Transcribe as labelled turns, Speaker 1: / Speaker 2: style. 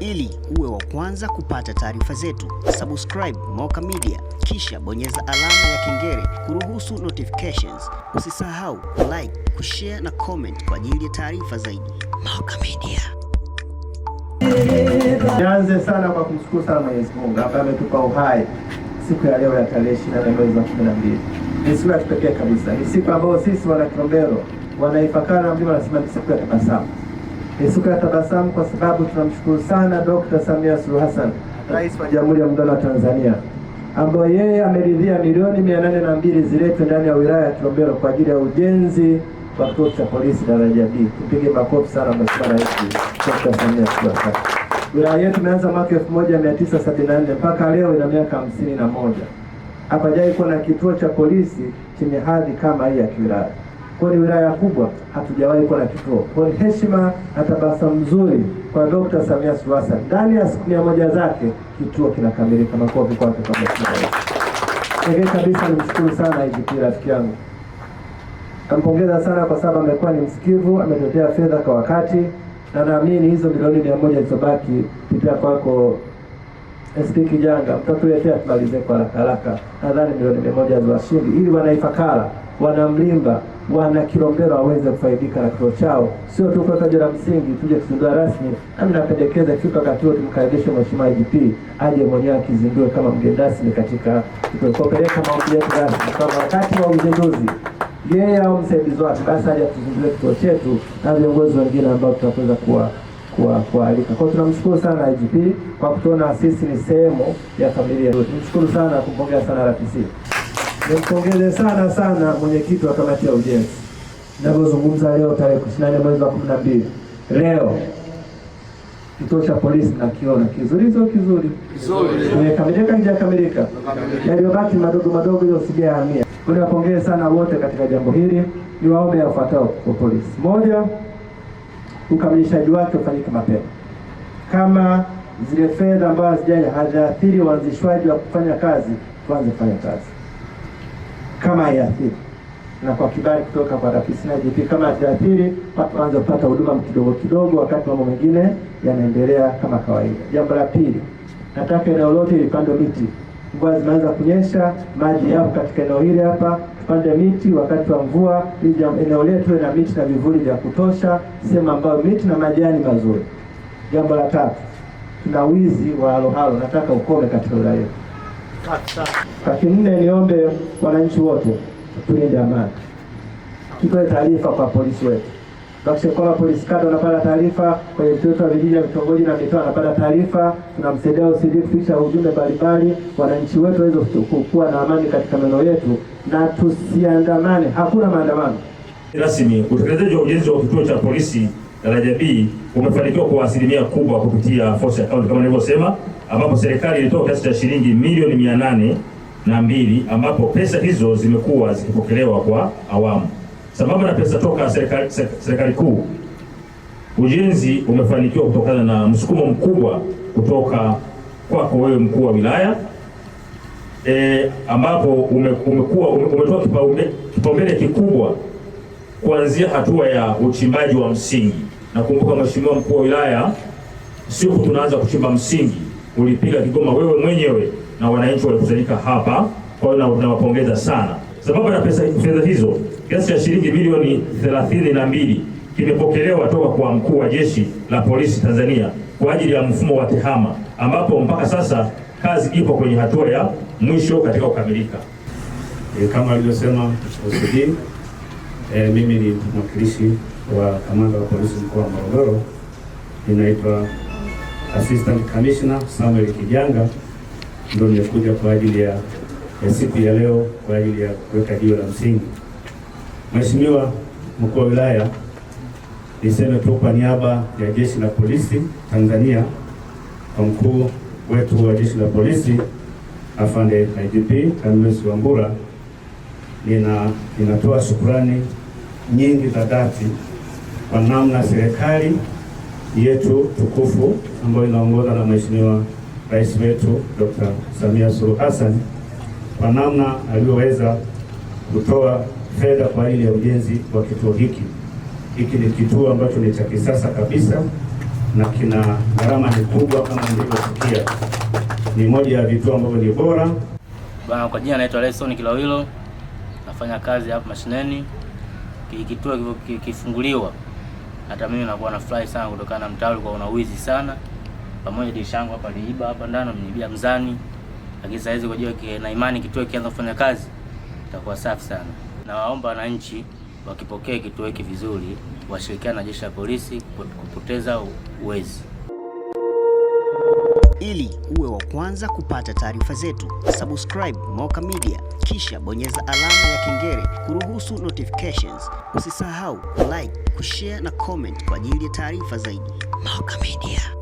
Speaker 1: Ili uwe wa kwanza kupata taarifa zetu, subscribe Moka Media, kisha bonyeza alama ya kengele kuruhusu notifications. Usisahau like, kushare na comment kwa ajili ya taarifa zaidi. Moka Media. Nianze sana kwa kumshukuru sana Mwenyezi Mungu ambaye ametupa uhai siku ya leo ya tarehe 24 mwezi wa 12. Ni siku ya kipekee kabisa, ni siku ambayo sisi wana Kilombero wanaifakara mlima wanasema ni siku ya tabasamu ni ya tabasamu kwa sababu tunamshukuru sana Dr. Samia Suluhu Hassan, Rais wa Jamhuri ya Muungano wa Tanzania, ambayo yeye ameridhia milioni mia nane na mbili ziletwe ndani ya wilaya ya Kilombero kwa ajili ya ujenzi wa kituo cha polisi daraja D. Tupige makofi sana Mheshimiwa Rais Dr. Samia Suluhu Hassan. Wilaya yetu imeanza mwaka 1974 mpaka leo ina miaka hamsini na moja. Hapajawahi kuwa na kituo cha polisi chenye hadhi kama hii ya kiwilaya. Kwa ni wilaya kubwa, hatujawahi kuwa na kituo. Kwa ni heshima na tabasamu nzuri kwa Dr. Samia Suluhu Hassan, ndani ya siku mia moja zake kituo kinakamilika. Makofi kwake. Pekee kabisa nimshukuru sana IGP rafiki yangu, nampongeza sana kwa sababu amekuwa ni msikivu, ametetea fedha kwa wakati, na naamini hizo milioni mia moja zilizobaki kupitia kwako SP Kijanga mtatuletea tumalize kwa haraka haraka. Nadhani milioni mia moja za washindi ili wanaifakara wanamlimba wana Kilombero waweze kufaidika na kituo chao, sio tu kuweka jiwe la msingi tuje kuzindua rasmi. Nami napendekeza ikifika wakati huo tumkaribishe Mheshimiwa IGP aje mwenyewe akizindue kama mgeni rasmi katika kituo, kupeleka maombi yetu rasmi kama wakati wa uzinduzi yeye au msaidizi wake, basi aje atuzindue kituo chetu na viongozi wengine ambao tutaweza kuwa kualika kwa. Tunamshukuru sana IGP kwa kutuona sisi ni sehemu ya familia. Tumshukuru sana, kumpongeza sana RPC. Nimpongeze sana sana mwenyekiti wa kamati ya ujenzi. Ninavyozungumza leo tarehe 28 mwezi wa 12. Leo kituo cha polisi nakiona kizuri, hizo kizuri imekamilika, haijakamilika, yaliyobaki madogo madogo, hiyo Niwapongeze sana wote katika jambo hili, niwaombe yafuatao kwa polisi. Moja, ukamilishaji wake ufanyike mapema, kama zile fedha ambazo hazijaathiri uanzishwaji wa kufanya kazi, tuanze kufanya kazi kama haiathiri, na kwa kibali kutoka kwa rafisi na GP, kama haiathiri, watu waanze kupata huduma kidogo kidogo, wakati mambo mengine yanaendelea kama kawaida. Jambo la pili, nataka eneo lote lipandwe miti. Mvua zimeanza kunyesha, maji yapo katika eneo hili hapa, tupande miti wakati wa mvua, ili eneo letu na miti na vivuli vya kutosha, sehemu ambayo miti na majani mazuri. Jambo la tatu, tuna wizi wa halohalo, nataka ukome katika wilaya yetu. Lakini nne, niombe wananchi wote tulinde amani, tutoe taarifa kwa polisi wetu. kwa kwamba polisi kata wanapata taarifa, kwenye vituo vya vijiji na vitongoji na mitaa wanapata taarifa, tunamsaidia usidii kufikisha ujumbe mbalimbali, wananchi wetu waweze kuwa na amani katika maeneo yetu na tusiandamane. Hakuna maandamano
Speaker 2: rasmi. Utekelezaji wa ujenzi wa kituo cha polisi daraja B umefanikiwa kwa asilimia kubwa kupitia force account kama nilivyosema, ambapo serikali ilitoa kiasi cha shilingi milioni mia nane na mbili ambapo pesa hizo zimekuwa zikipokelewa kwa awamu. Sambamba na pesa toka serikali, serikali kuu, ujenzi umefanikiwa kutokana na msukumo mkubwa kutoka kwako wewe mkuu wa wilaya e, ambapo umekuwa umetoa kipaumbele kikubwa kuanzia hatua ya uchimbaji wa msingi. Nakumbuka Mheshimiwa mkuu wa wilaya, siku tunaanza kuchimba msingi ulipiga Kigoma wewe mwenyewe na wananchi walikusanyika hapa, kwa hiyo tunawapongeza sana. Sababu ya pesa fedha hizo kiasi cha shilingi bilioni 32 kimepokelewa toka kwa mkuu wa jeshi la polisi Tanzania kwa ajili ya mfumo wa tehama, ambapo mpaka sasa kazi ipo kwenye hatua ya mwisho katika kukamilika.
Speaker 3: E, kama alivyosema E, mimi ni mwakilishi wa kamanda wa polisi mkoa wa Morogoro, ninaitwa Assistant Commissioner Samuel Kijanga, ndio nimekuja kwa ajili ya, ya siku ya leo kwa ajili ya kuweka jiwe la msingi. Mheshimiwa mkuu wa wilaya, niseme tu kwa niaba ya jeshi la polisi Tanzania kwa mkuu wetu wa jeshi la polisi afande IGP Clemensi Wambura nina ninatoa shukrani nyingi za dhati kwa namna serikali yetu tukufu ambayo inaongozwa na Mheshimiwa Rais wetu Dr. Samia Suluhu Hassan kwa namna aliyoweza kutoa fedha kwa ajili ya ujenzi wa kituo hiki. Hiki ni kituo ambacho ni cha kisasa kabisa na kina gharama ni kubwa kama nilivyosikia. Ni moja ya vituo ambavyo ni bora.
Speaker 4: Kwa jina naitwa Lesson Kilawilo nafanya kazi hapa mashineni. Kituo kifunguliwa hata mimi nakuwa nafurahi sana, kutokana na mtaa ulikuwa una wizi sana, pamoja dirisha yangu hapa liiba hapa ndani mnibia mzani, lakini sasa hizi kujua na imani, kituo kianza kufanya kazi itakuwa safi sana. Nawaomba wananchi wakipokee kituo hiki vizuri, washirikiana na jeshi la polisi kupoteza uwezi. Ili uwe wa kwanza kupata taarifa zetu, subscribe Moka Media, kisha bonyeza alama ya kengele kuruhusu notifications. Usisahau like, kushare na comment kwa ajili ya taarifa zaidi. Moka Media.